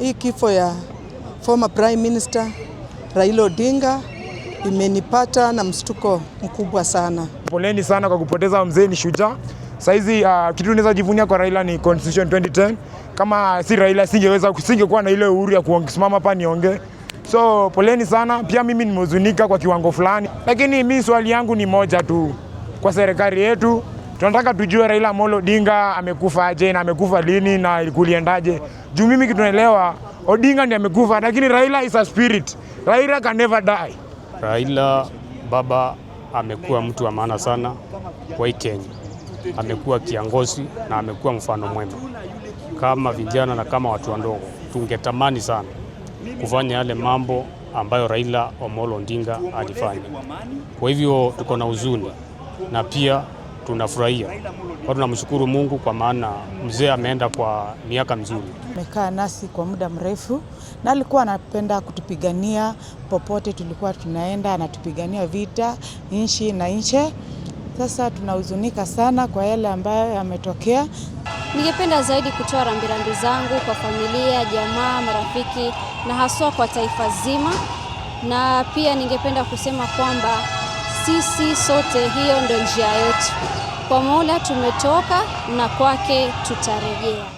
hii kifo ya former prime minister Raila Odinga imenipata na mshtuko mkubwa sana. Poleni sana kwa kupoteza mzee, ni shujaa. Saizi uh, kitu naweza jivunia kwa Raila ni Constitution 2010. Kama si Raila singeweza kusingekuwa na ile uhuru ya kusimama hapa nionge. So poleni sana. Pia mimi nimehuzunika kwa kiwango fulani, lakini mi swali yangu ni moja tu kwa serikali yetu tunataka tujue Raila Amolo Odinga amekufa aje na amekufa lini na kuliendaje, juu mimi kitunaelewa Odinga ndiye amekufa, lakini Raila is a spirit. Raila can never die. Raila baba amekuwa mtu wa maana sana kwa hii Kenya, amekuwa kiongozi na amekuwa mfano mwema kama vijana na kama watu wadogo. Tungetamani sana kufanya yale mambo ambayo Raila Amolo Odinga alifanya. Kwa hivyo tuko na huzuni na pia tunafurahia kwa, tunamshukuru Mungu kwa maana mzee ameenda kwa miaka mizuri, amekaa nasi kwa muda mrefu, na alikuwa anapenda kutupigania popote tulikuwa tunaenda, anatupigania vita nchi na nche Sasa tunahuzunika sana kwa yale ambayo yametokea. Ningependa zaidi kutoa rambirambi zangu kwa familia, jamaa, marafiki na haswa kwa taifa zima, na pia ningependa kusema kwamba sisi sote, hiyo ndio njia yetu. Kwa Mola tumetoka na kwake tutarejea.